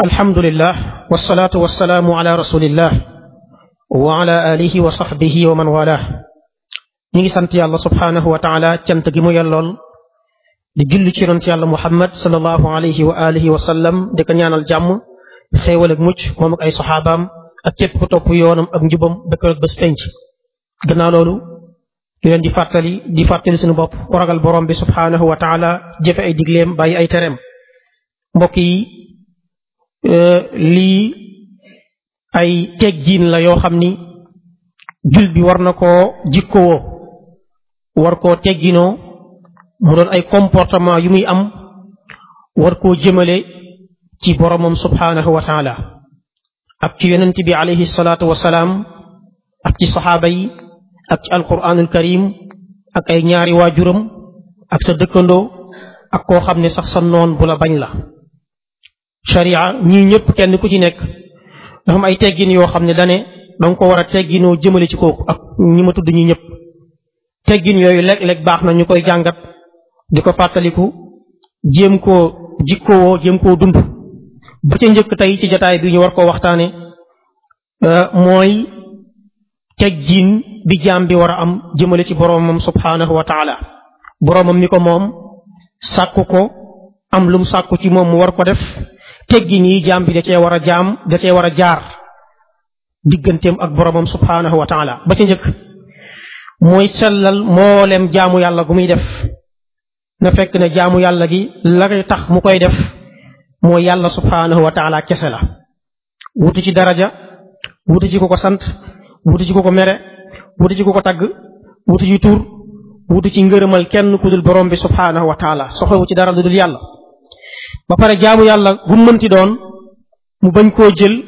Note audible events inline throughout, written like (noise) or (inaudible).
alhamdulillah wasalaatu wasalaamu ala rasulillah wa ala alihi wa sahbihi wa man walah ñu ngi sant yàlla subhaanahu wa taala cant gi mu yellool di julli ci yonent yàlla muhammad salallahu alayhi wa alihi wa sallam di ko ñaanal jàmm xéewal ak mucc moom ak ay soxaabaam ak képp ku topp yoonam ak njubam ba keroog bés penc gannaaw loolu di fàttali di fàttali suñu bopp ragal borom bi subhaanahu wa taala jëfe ay digleem bàyyi ay tereem mbokk Euh, lii ay teggiin la yoo xam ni jul bi war na koo jikkowoo war koo tegginoo mu doon ay comportement yu muy am war koo jëmale ci boromam subhaanahu wa taala ak ci yonent bi alayhi salaatu wasalaam ak ci saxaaba yi ak ci alquranul karim ak ay ñaari waajuram ak sa dëkkandoo ak koo xam ne sax sa noon bu la bañ la sharia ñii ñëpp kenn ku ci nekk dafa am ay teggiin yoo xam ne dane danga ko war a tegginoo jëmale ci kooku ak ñi ma tudd ñi ñëpp teggin yooyu léeg-léeg baax na ñu koy jàngat di ko fàttaliku jéem koo jikkowoo jëm koo dund ba ca njëkk tey ci jataay bi ñu war ko waxtaane euh, mooy teggin bi jaam bi war a am jëmale ci boroomam subhaanahu wa taala boroomam mi ko moom sàkku ko am lum sàkku ci moom mu war ko def teggin yi jaam bi da cee war a jaam da cee war a jaar digganteem ak boromam subhaanahu wa taala ba ca njëkk mooy sellal mboolem jaamu yàlla gu muy def na fekk ne jaamu yàlla gi la tax mu koy def mooy yàlla subhaanahu wa taala kese la wutu ci daraja wutu ci ku ko sant wutu ci ku ko mere wutu ci ku ko tagg wutu ci tur wutu ci ngërëmal kenn ku dul borom bi subhaanahu wa taala soxlawu ci dara lu dul yàlla ba pare jaamu yàlla bu mu mënti doon mu bañ koo jël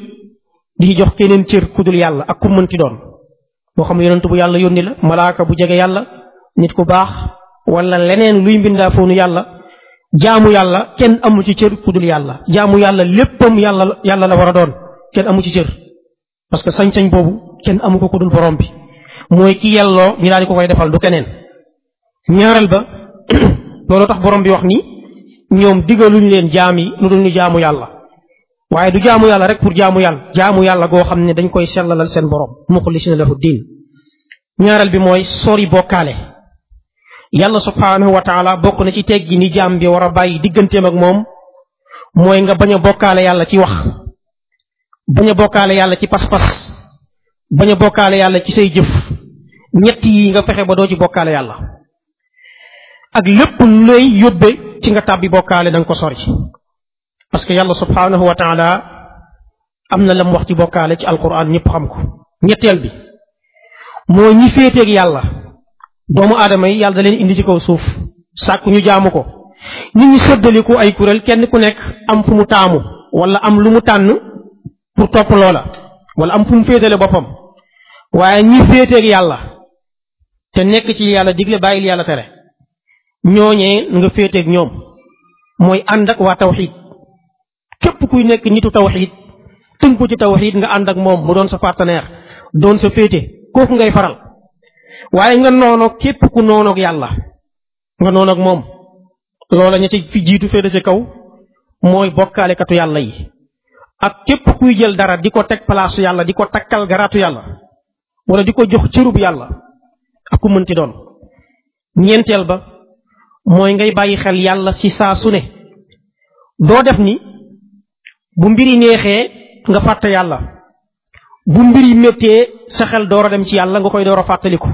di jox keneen cër ku yàlla ak ku mënti doon moo xam yonent bu yàlla yónni la malaaka bu jege yàlla nit ku baax wala leneen luy mbindaa foonu yàlla jaamu yàlla kenn amu ci cër ku yàlla jaamu yàlla léppam yàlla yàlla la war a doon kenn amu ci cër parce que sañ-sañ boobu kenn amu ko ku dul borom bi mooy ki yelloo ñu daal di ko koy defal du keneen ñaareel ba (clears throat) loolu tax borom bi wax ni ñoom digaluñu leen jaam yi lu dul jaamu yàlla waaye du jaamu yàlla rek pour jaamu yàlla jaamu yàlla goo xam ne dañ koy sellalal seen borom muxlisina lahu diin ñaareel bi mooy sori bokkaale yàlla subhaanahu wa taala bokk na ci teggi ni jaam bi war a bàyyi digganteem ak moom mooy nga bañ a bokkaale yàlla ci wax bañ a bokkaale yàlla ci pas-pas bañ a bokkaale yàlla ci say jëf ñett yi nga fexe ba doo ci bokkaale yàlla ak lépp lay yóbbe ci nga tàbbi bokkaale da ko sori parce que yàlla subhaanahu wa taala am na lam wax ci bokkaale ci alkuraan ñëpp xam ko ñetteel bi moo ñi féeteeg yàlla doomu aadama yi yàlla da leen indi ci kaw suuf sàkku ñu jaamu ko nit ñi sëddaliku ay kuréel kenn ku nekk am fu mu taamu walla am lu mu tànn pour topp loola wala am fu mu féetale boppam waaye ñi féeteeg yàlla te nekk ci yàlla digle bàyyil yàlla tere ñooñee nga féeteeg ñoom mooy ànd ak waa tawxiid képp kuy nekk nitu tawxiid tënku ci tawxiid nga ànd ak moom mu doon sa partenaire doon sa féete kooku ngay faral waaye nga noonoog képp ku noonook yàlla nga noonoog moom loola ña ci fi jiitu féete ci kaw mooy bokkaalekatu yàlla yi ak képp kuy jël dara di ko teg palaasu yàlla di ko takkal garaatu yàlla wala di ko jox cërub yàlla ak ku mënti doon ñeenteel ba mooy ngay bàyyi xel yàlla ci saa su ne doo def ni bu mbir yi neexee nga fàtte yàlla bu mbiri méttee sa xel door a dem ci yàlla nga koy door a fàttaliku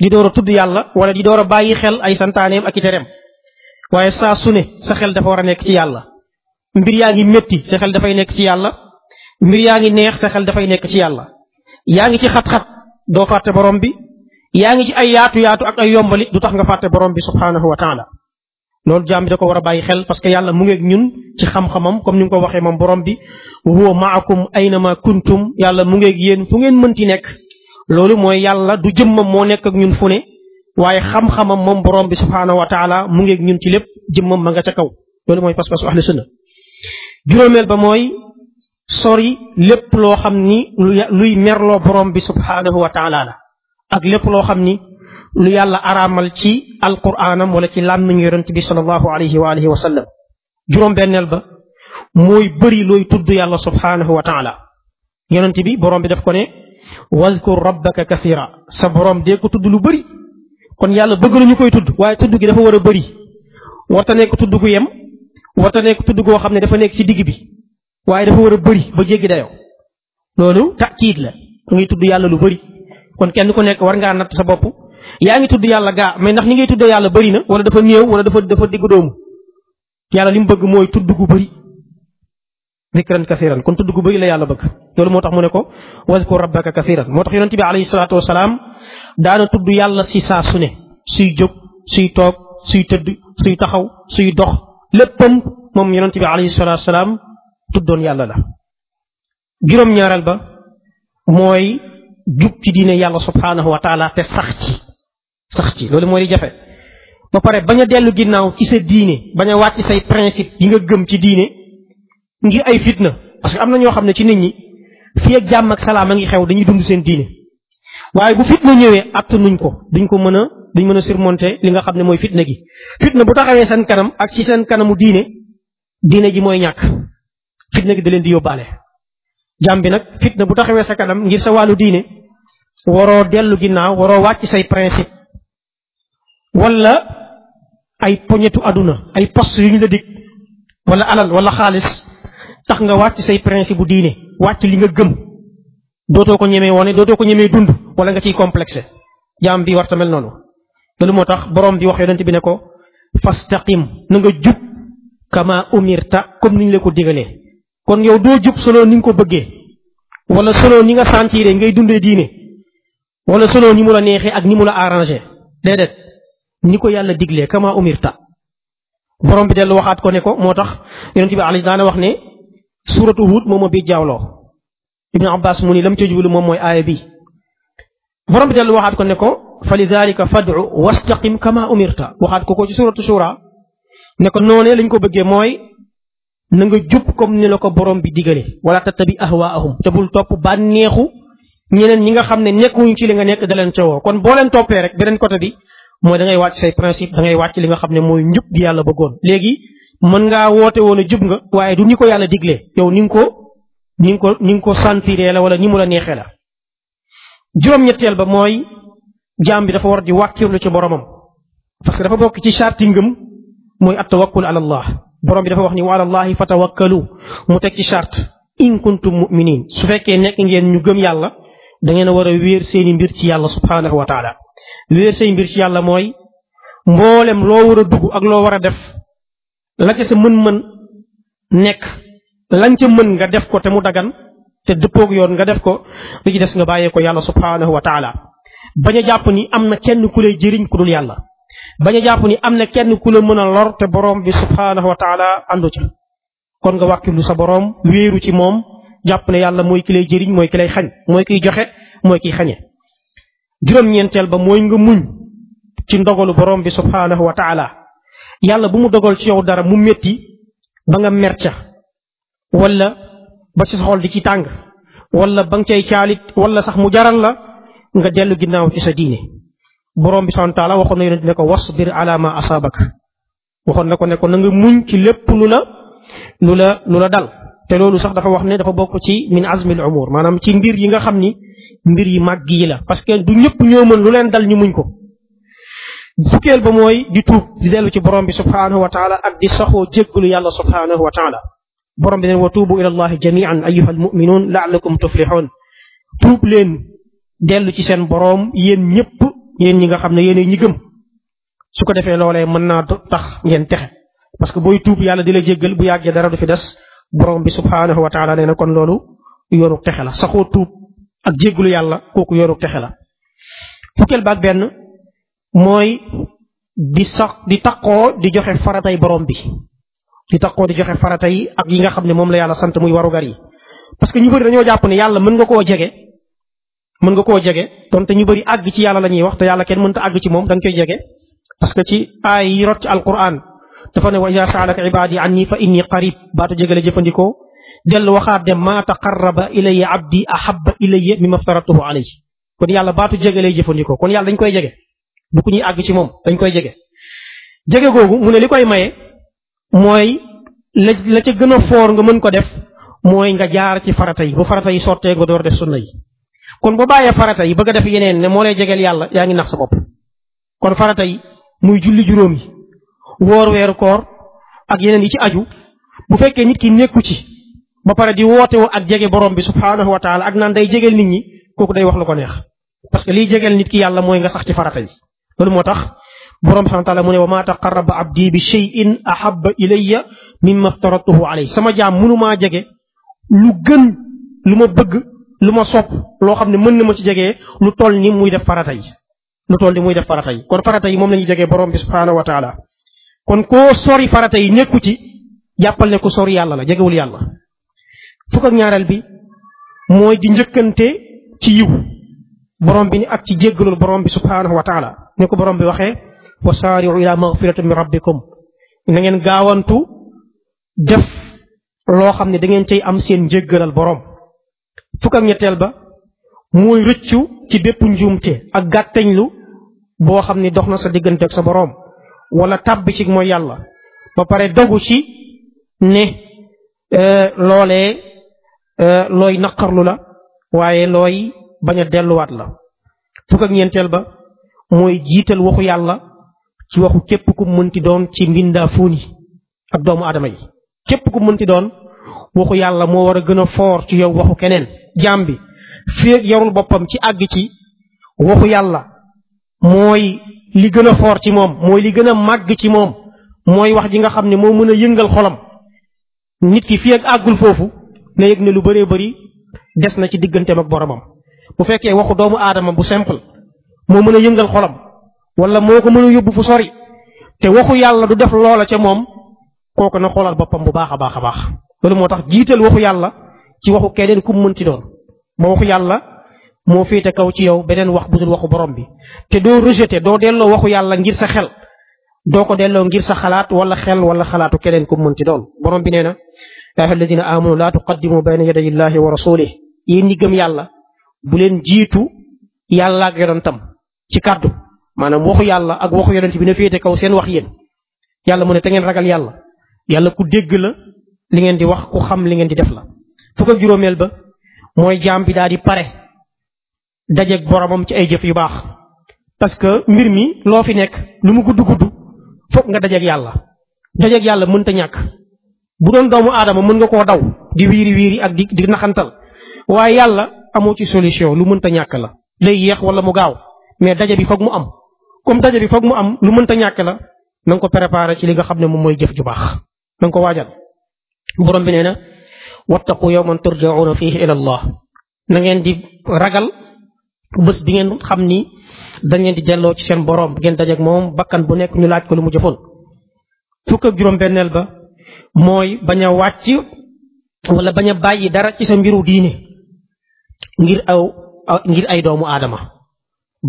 di door a tudd yàlla wala di door a bàyyi xel ay santaaneem ak i tereem waaye saa su ne sa xel dafa war a nekk ci yàlla mbir yaa ngi métti sa dafay nekk ci yàlla mbir yaa ngi neex sa xel dafay nekk ci yàlla yaa ngi ci xat-xat doo fàtte borom bi yaa ngi ci ay yaatu yaatu ak ay yombali du tax nga fàtte boroom bi subhaanahu wa taala loolu jaam bi ko war a bàyyi xel parce que yàlla mu ngeeg ñun ci xam-xamam comme ni nga ko waxee moom borom bi wa huwa maakum aynama kuntum yàlla mu ngeeg yéen fu ngeen mënti nekk loolu mooy yàlla du jëmmam moo nekk ak ñun fu ne waaye xam-xamam moom borom bi subhaanahu wa taala mu ngeeg ñun ci lépp jëmmam ma nga ca kaw loolu mooy pas-pasu ahlu sunna juróomeel ba mooy sori lépp loo xam ni luy merloo borom bi subhaanahu wa taala la ak lépp loo xam ni lu yàlla araamal ci al alquraanam wala ci làmmiñu yonent bi sallallahu alayhi wa alihi wa sallam juróom-benneel ba mooy bëri looy tudd yàlla subhaanahu wa taala yonent bi boroom bi def ko ne wazkur rabbaka kathira sa borom dee ko tudd lu bëri kon yàlla bëgg na ñu koy tudd waaye tudd gi dafa war a bëri warta nekk tudd gu yem warta nekk tudd goo xam ne dafa nekk ci digg bi waaye dafa war a bëri ba jéggi dayoo loolu taakiid la ngay tudd yàlla lu bëri kon kenn ku nekk war ngaa natt sa bopp yaa ngi tudd yàlla gaa mais ndax ñi ngay tuddee yàlla bëri na wala dafa néew wala dafa dafa diggu doomu yàlla li mu bëgg mooy tudd gu bëri dikran kathiran kon tudd gu bëri la yàlla bëgg loolu moo tax mu ne ko wazkur rabbaka kathiran moo tax yonente bi alayhi salaatu wasalaam tudd yàlla si saa su ne suy jóg suy toog suy tëdd suy taxaw suy dox léppam moom yonente bi alayhi salaatu wasalaam tuddoon yàlla la juróom-ñaareel ba mooy jub ci diine yàlla subhaanahu wa taala te sax ci sax ci loolu moo di jafe ba pare bañ a dellu ginnaaw ci sa diine bañ a wàcc say principe yi nga gëm ci diine ngir ay fitna parce que am na ñoo xam ne ci nit ñi fii ak jàmm ak salaam a ngi xew dañuy dund seen diine waaye bu fitna ñëwee attanuñ ko dañ ko mën a duñ mën a surmonter li nga xam ne mooy fitna gi fitna bu taxawee seen kanam ak ci seen kanamu diine diine ji mooy ñàkk fitna gi da leen di yóbbaale jàmm bi nag fitna bu taxawee sa kanam ngir sa wàllu diine waroo dellu ginnaaw waroo wàcc say principe wala ay poñetu àdduna ay post yu ñu la dig wala alal wala xaalis tax nga wàcc say principe bu diine wàcc li nga gëm dootoo ko ñemee wone dootoo ko ñemee dund wala nga ciy complexé jaam bi war tamel noonu loolu moo tax borom bi wax yonent bi ne ko fastaqim na nga jub kama umirta comme ni ñu la ko digalee kon yow doo jub selon ni nga ko bëggee wala selon ni nga sentiré ngay dundee diine wala selon ni mu la neexee ak ni mu la arrangé déedéet ni ko yàlla diglee kama umirta borom bi dellu waxaat ko ne ko moo tax yonent bi ali daana wax ne suratu Hud moom a biir jaawloo ibnu abbas mu ni lam ca moom mooy aaya bi borom bi dellu waxaat ko ne ko fa lidalika fad'u wastaqim kama umirta waxaat ko ko ci suratu shura ne ko noonee lañ ko bëggee mooy na nga jub comme ni la ko borom bi digale wala tattabi ahwaahum te bul topp bànneexu ñeneen ñi nga xam ne nekkuñu ci li nga nekk da leen ca kon boo leen toppee rek beneen côté bi mooy da ngay wàcc say principe da li nga xam ne mooy njub gi bëggoon léegi mën ngaa woote woon a nga waaye du ni ko yàlla diglee yow ni nga ko ni nga ko ni nga ko sentiree la wala ni mu la neexee la juróom ba mooy jaam bi dafa war di wàkkirlu ci boromam parce que dafa bokk ci charti ngëm mooy at tawakkul ala allah borom bi dafa wax ni wa alallahi fatawakkalu mu teg ci charte in kuntum muminin su fekkee nekk ngeen ñu gëm yàlla da ngeen a war a wéer seeni mbir ci yàlla subhaanahu wa taala wéer say mbir ci yàlla mooy mboolem loo war a dugg ak loo war a def la ca sa mën-mën nekk lañ ca mën nga def ko te mu dagan te dëppoog yoon nga def ko li ci des nga bàyyee ko yàlla subhaanahu wa taala bañ jàpp ni am na kenn ku lay jëriñ ku dul yàlla ba a jàpp ni am na kenn ku la mën a lor te borom bi subhaanahu wa taala àndu ca kon nga wàkkilu sa borom wéeru ci moom jàpp ne yàlla mooy ki lay jëriñ mooy ki lay xañ mooy kiy joxe mooy kiy xañe juróom-ñeenteel ba mooy nga muñ ci ndogalu borom bi subhaanahu wa taala yàlla bu mu dogal ci yow dara mu métti ba nga mer ca ba ci sa di ci tàng wala ba nga cey caalit wala sax mu jaral la nga dellu ginnaaw ci sa diine borom bi subhanahu wa taala waxoon na yonent ne ko wasbir ala ma asaabak waxoon na ko ne ko na nga muñ ci lépp lu la lu la lu la dal te loolu sax dafa wax ne dafa bokk ci min azmil umur maanaam ci mbir yi nga xam ni mbir yi màgg yi la parce que du ñëpp ñoo lu leen dal ñu muñ ko fukkeel ba mooy di tuub dellu ci borom bi subhanahu wa taala ak di saxoo jéggalu yàlla subhanahu wa taala borom bi neen wa tuubu ila allahi jamian ayuha almuminuun laalakum tuflixuun tuub leen dellu ci seen boroom yéen ñëpp yéen ñi nga xam ne yéenay ñi gëm su ko defee loolee mën naa tax ngeen texe que booy tuub yàlla di la jéggal bu yàggee dara du fi des borom bi subhaanahu wa taala nee na kon loolu yoonu texe la saxoo tuub ak jéggalu yàlla kooku yoonu texe la fukkeel baag benn mooy di sax di taqoo di joxe faratay borom bi di taqoo di joxe faratay ak yi nga xam ne moom la yàlla sant muy warugar yi parce que ñu bëri dañoo jàpp ne yàlla mën nga koo jege mën nga koo jege donte ñu bëri àgg ci yàlla la ñuy wax te yàlla kenn mën mënta àgg ci moom da koy jege parce que ci aay yi rot ci alquran dafa ne wa ida saalaka ibaadi anni fa inni qarib baatu jege la jëfandikoo dellu waxaat dem maa taqarraba ilayya abdi ahabba ilayya mimma aftaratuhu alayhi kon yàlla baatu jege lay jëfandikoo kon yàlla dañ koy jege du ku ñuy àgg ci moom dañ koy jege jege googu mu ne li koy maye mooy la la ca gën a foor nga mën ko def mooy nga jaar ci farata yi bu farata yi sottee nga door def sunna yi kon bu bàyyee farata yi bëgg a def yeneen ne moo lay jegeel yàlla yaa ngi nax sa bopp kon farata yi muy julli juróom yi woor weeru koor ak yeneen yi ci aju bu fekkee nit ki nekku ci ba pare di wootewu ak jege borom bi subhaanahu wa ak naan day jegeel nit ñi kooku day wax lu ko neex parce que liy jegeel nit ki yàlla mooy nga sax ci farata yi loolu moo tax boroom subhaanahu wa taala mu ne wa maa ab abdi bi shay'in ahabba ilayya mimma aftaratuhu alayhi sama jaam mënumaa jege lu gën ma bëgg lu ma sopp loo xam ne mën na ma ci jege lu toll ni muy def farata yi lu toll ni muy def farata yi kon farata yi moom la ñuy jege borom bi subhaanahu kon koo sori farata yi nekku ci jàppal ne ko sori yàlla la jegewul yàlla fukk ak ñaareel mooy di njëkkante ci yiw borom bi ni ak ci jéggalul borom bi subhaanahu wa taala ni ko borom bi waxee wa saariu ila magfiratin min rabbikum na ngeen gaawantu def loo xam ne dangeen ngeen am seen njéggalal borom fukk ak ñetteel ba mooy rëccu ci bépp njuumte ak gàttañlu boo xam ni dox na sa diggante ak sa boroom walla tàbb ci mooy yàlla ba pare dogu ci ne euh, loole euh, looy naqarlu la waaye looy bañ delluwaat la fukk ak ñeenteel ba mooy jiital waxu yàlla ci waxu képp ku mënti doon ci mbindaa fuuni ak doomu aadama yi képp ku mënti doon waxu yàlla moo war a gën a foor ci yow waxu keneen jaam bi féeg yarul boppam ci àgg ci waxu yàlla mooy li gën a foor ci moom mooy li gën a màgg ci moom mooy wax ji nga xam ne moo mën a yëngal xolam nit ki fi ak àggul foofu na yëg ne lu bëree bari des na ci digganteem ak boromam bu fekkee waxu doomu aadama bu simple moo mën a yëngal xolam wala moo ko mën a yóbbu fu sori te waxu yàlla du def loola ca moom kooku na xoolal boppam bu baax a baax a baax loolu moo tax jiital waxu yàlla ci waxu keneen ku mu mënti doon moo waxu yàlla moo féete kaw ci yow beneen wax budul waxu borom bi te doo rejeté doo delloo waxu yàlla ngir sa xel doo ko delloo ngir sa xalaat wala xel wala xalaatu keneen ku mu mënti doon borom bi nee na yaa ayyuha alladina amanu laa tuqaddimu bayna yaday illahi wa rasulih yéen di gëm yàlla bu leen jiitu yàlla ak yonentam ci kàddu maanaam waxu yàlla ak waxu yonent bi na féete kaw seen wax yéen yàlla mu ne te ngeen ragal yàlla yàlla ku dégg la li ngeen di wax xam li ngeen di def la fukk ak juróomeel ba mooy jaam bi daal di pare dajeeg boromam ci ay jëf yu baax parce que mbir mi loo fi nekk lu mu gudd gudd foog nga dajeeg yàlla dajeeg yàlla mënta ñàkk bu doon doomu aadama mën nga koo daw di wiiri wiiri ak di di naxantal waaye yàlla amoo ci solution lu mënta ñàkk la day yéex wala mu gaaw mais daje bi foog mu am comme daje bi foog mu am lu mënta ñàkke la na ko préparer ci li nga xam ne moom mooy jëf ju baax na ko waajal borom bi nee wattaqu yawman turja'una fihi ila allah na ngeen di ragal bés bi ngeen xam ni dañ leen di delloo ci seen boroom ngeen dajeek moom bakkan bu nekk ñu laaj ko lu mu jëfoon fukk juróom-benneel ba mooy bañ a wàcc wala bañ a bàyyi dara ci sa mbiru diine ngir aw ngir ay doomu aadama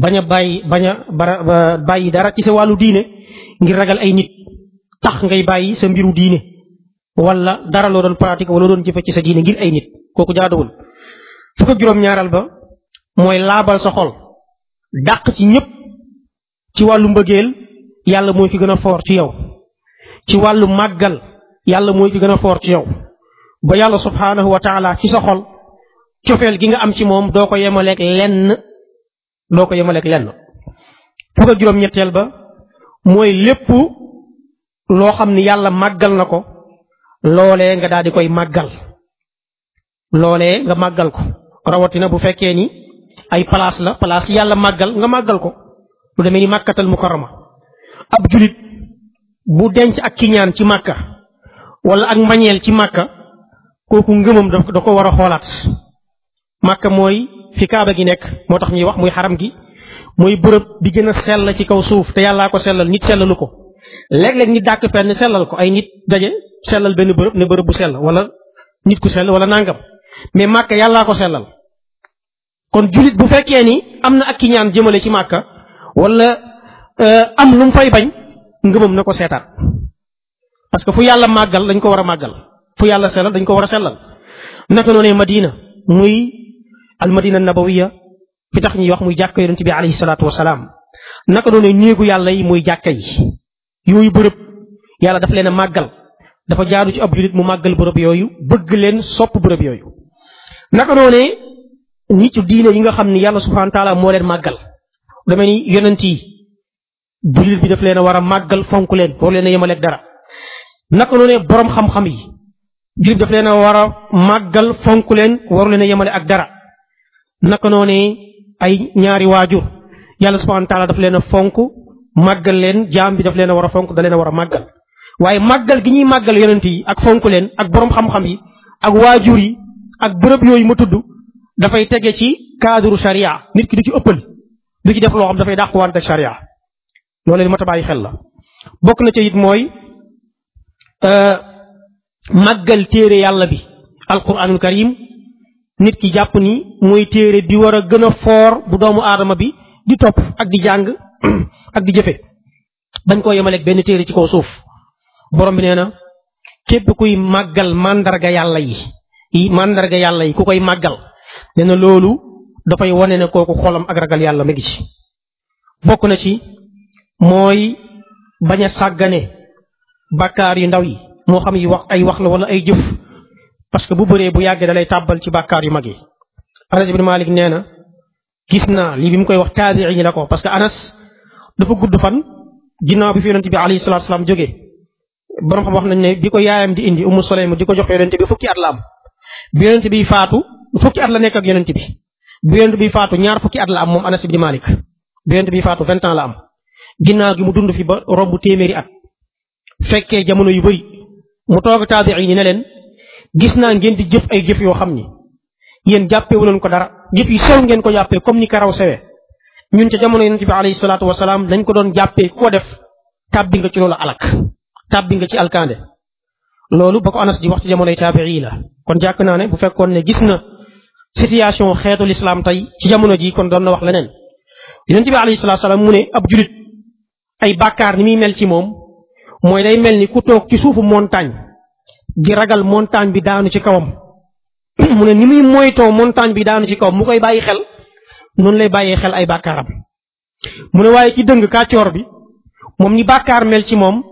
bañ a bàyyi bañ a ba bàyyi dara ci sa wàllu diine ngir ragal ay nit tax ngay bàyyi sa mbiru diine wala dara loo doon pratique wala doon jëfe ci sa diine ngir ay nit kooku jaaduwul fukk ak juróom-ñaaral ba mooy laabal sa xol dàq ci ñëpp ci wàllu mbëggeel yàlla mooy fi gën a foor ci yow ci wàllu màggal yàlla mooy fi gën a foor ci yow ba yàlla subhaanahu wa taala ci sa xol cofeel gi nga am ci moom doo ko yemaleeg lenn doo ko yemaleeg lenn fukk ak juróom-ñetteel ba mooy lépp loo xam ni yàlla màggal na ko loolee nga daal di koy màggal loolee nga màggal ko rawatina bu fekkee ni ay place la place yàlla màggal nga màggal ko lu demee ni màkkatal mukarrama ab julit bu denc ak kiñaan ci màkka wala ak mbañeel ci màkka kooku ngëmam da ko war a xoolaat màkka mooy fi kaaba gi nekk moo tax ñuy wax muy xaram gi mooy bërëb bi gën a sell ci kaw suuf te yàllaa ko sellal nit sellalu ko léeg-léeg nit dàkk fenn sellal ko ay nit daje sellal benn bërëb ne bërëb bu sell wala nit ku sell wala nangam mais màkka yàllaa ko sellal kon jullit bu fekkee ni am na ak ki ñaan jëmale ci màkka walla euh, am lu mu fay bañ ngëmam na ko seetaat parce que fu yàlla màggal dañ ko war a màggal fu yàlla sellal dañ ko war a sellal naka noonee madina muy al madina nabawiya fi tax ñuy wax muy jàkk yonent bi alayhi salaatu wasalaam naka noonee néegu yàlla yi muy jàkka yi yooyu bërëb yàlla daf leen a màggal dafa jaadu ci ab julit mu màggal bërëb yooyu bëgg leen sopp bërëb yooyu naka noonee nitu diine yi nga xam ni yàlla subhanahu moo leen màggal dama ni yonent yi julit bi daf leen a war a màggal fonk leen war leen a yemaleeg naka noonee borom xam yi julit bi leen a war a màggal fonk leen waru leen a yemale ak dara naka noonee ay ñaari waajur yàlla subhanahu daf leen a fonk màggal leen jaam bi daf leen a war a fonk da leen a war a màggal waaye màggal gi ñuy màggal yonent yi ak fonk leen ak borom xam-xam yi ak waajur yi ak bërëb yooyu ma tudd dafay tege ci cadre charia nit ki du ci ëppal du ci def loo xam dafay dàquwante ak charia loolu li ma ta bàyyi xel la bokk na ca it mooy euh, màggal téere yàlla bi alquranul karim nit ki jàpp ni mooy téere bi war a gën a foor bu doomu aadama bi di topp ak di jàng (clears throat) ak di jëfe bañ koo yemaleeg benn téere ci kaw suuf borom bi nee na képp kuy màggal màndarga yàlla yi màndarga yàlla yi ku koy màggal nee na loolu dafay wane ne kooku xolam ak ragal yàlla ma ngi bokk na ci mooy bañ a sàggane bàkkaar yu ndaw yi moo xam yi wax ay wax la wala ay jëf parce que bu bëree bu yàggee da lay tàbbal ci bàkkaar yu mag yi Anas ibn Malik nee na gis naa lii bi mu koy wax taabi'i la ko parce que Anas dafa gudd fan ginnaaw bi fi yonente bi alayhi salaatu salaam jóge borom xam wax nañ ne bi ko yaayam di indi umu soleym di ko jox yonente bi fukki at la am bi yonente bi faatu fukki at la nekk ak yonente bi bi yonente bi faatu ñaar fukki at la am moom Anas ibn Malik bi yonente bi faatu vingt ans la am ginnaaw gi mu dund fi ba romb téeméeri at fekkee jamono yu bëri mu toog taabiin yi ne leen gis naa ngeen di jëf ay jëf yoo xam ni yéen jàppewu leen ko dara jëf yu sew ngeen ko jàppee comme ni karaw sewee ñun ca jamono yonente bi alayhi salaatu wasalaam dañ ko doon jàppee ku def tàbbi nga ci loolu alak tàbbi nga ci alkande loolu ba ko anas di wax ci jamonoy taabi'i la kon jàkk naa ne bu fekkoon ne gis na situation xeetu lislaam tey ci jamono ji kon doon na wax leneen yonente bi alayhi salaatu salaam mu ne ab julit ay bàkkaar ni muy mel ci moom mooy day mel ni ku toog ci suufu montagne di ragal montagne bi daanu ci kawam (clears throat) mu ne ni muy moytoo montagne bi daanu ci kawam mu koy bàyyi xel noonu lay bàyyee xel ay bàkkaaram mu ne waaye ci dëng kàccoor bi ci moom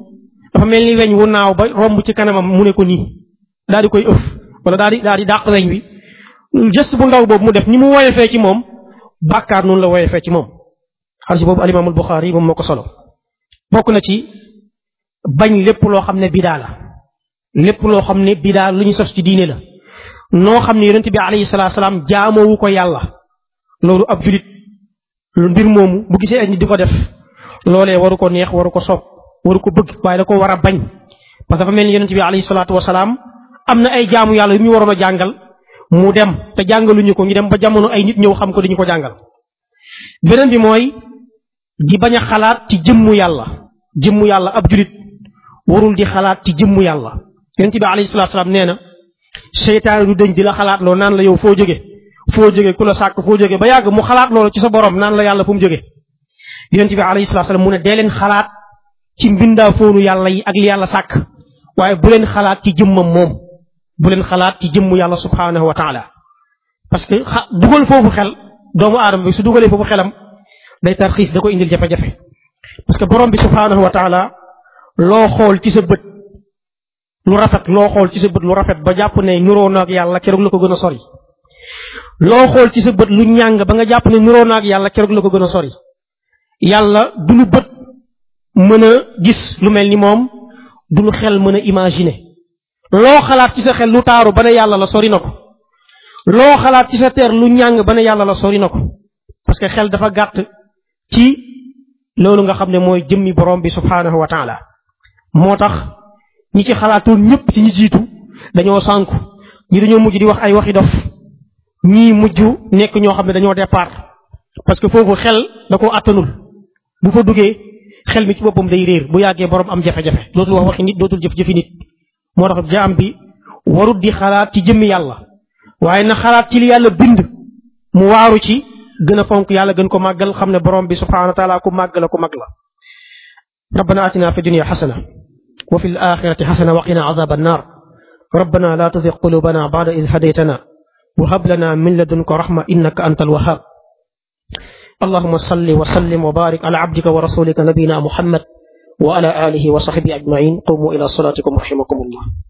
dafa mel ni weñ wu naaw ba romb ci kanamam mu ne ko nii daal di koy ëf wala daal di daal di dàq weñ wi geste bu ndaw boobu mu def ni mu woyefee ci moom bàkkaar noonu la woyefee ci moom xadis boobu alimaamul Buxaari moom moo ko solo bokk na ci bañ lépp loo xam ne bidaa la lépp loo xam ne bidaa lu ñu sos ci diine la noo xam ne yonente bi alayhi salaatu salaam jaamoowu ko yàlla loolu ab julit mbir moomu bu gisee ak di ko def loolee waru ko neex waru ko sopp waru ko bëgg waaye da ko war a bañ parce que dafa mel ni yonent bi alayhi salaatu wasalaam am na ay jaamu yàlla yu ñu waroon a jàngal mu dem te jàngaluñu ko ñu dem ba jamono ay nit ñëw xam ko diñu ko jàngal beneen bi mooy di bañ a xalaat ci jëmmu yàlla jëmmu yàlla ab julit warul di xalaat ci jëmmu yàlla yonent bi alayhi salaatu wasalaam nee na seytaane du dëñ di la xalaat loo naan la yow foo jege foo jóge ku la sàkk foo jóge ba yàgg mu xalaat loolu ci sa borom naan la yàlla fu mu jóge yonent bi alayhi mu ne dee xalaat ci mbindaafoonu yàlla yi ak li yàlla sàkk waaye bu leen xalaat ci jëmmam moom bu leen xalaat ci jëmmu yàlla subhaanahu wa taala parce que xa dugal foofu xel doomu aadama bi su dugalee foofu xelam day tarxiis da ko indi jafe-jafe parce que borom bi subhaanahu wa taala loo xool ci sa bët lu rafet loo xool ci sa bët lu rafet ba jàpp ne nuroo naag yàlla keroog la ko gën a sori loo bët lu ñàng ba nga jàpp ne nuroo yàlla keroog la ko gën a du lu bët mën a gis lu mel ni moom du lu xel mën a imaginer loo xalaat ci sa xel lu taaru ba ne yàlla la sori na ko loo xalaat ci sa teer lu ñàng ba ne yàlla la sori na ko parce que xel dafa gàtt ci loolu nga xam ne mooy jëmmi borom bi subhaanahu wa moo tax ñi ci xalaatoon ñëpp ci jiitu dañoo sànku ñi dañoo mujj di wax ay waxi dof ñii mujj nekk ñoo xam ne dañoo départ que foofu xel da ko àttanul bu fa duggee xel mi ci boppam day réer bu yàggee borom am jafe-jafe dootul wax waxi nit dootul jaf jëfi moo tax jaam bi warut di xalaat ci jëmmi yàlla waaye na xalaat ci yàlla bind mu ci gën a fonk yàlla gën ko màggal xam ne borom bi subhaanahu wa taala ku màgg la ku mag la rabbana atina fi dunya xasana wa fi alaxirati xasana wa qina azab annar rabbana la tuzig qulubana bada id hadaytana wa hab lana min ladunka rahma innaka anta alwahab allahuma salli wa sallim wa barik ala abdika wa rasulika nabina muhammad wa ala alihi wa sahbihi ajmain qumu ila salatikum rahimakumullah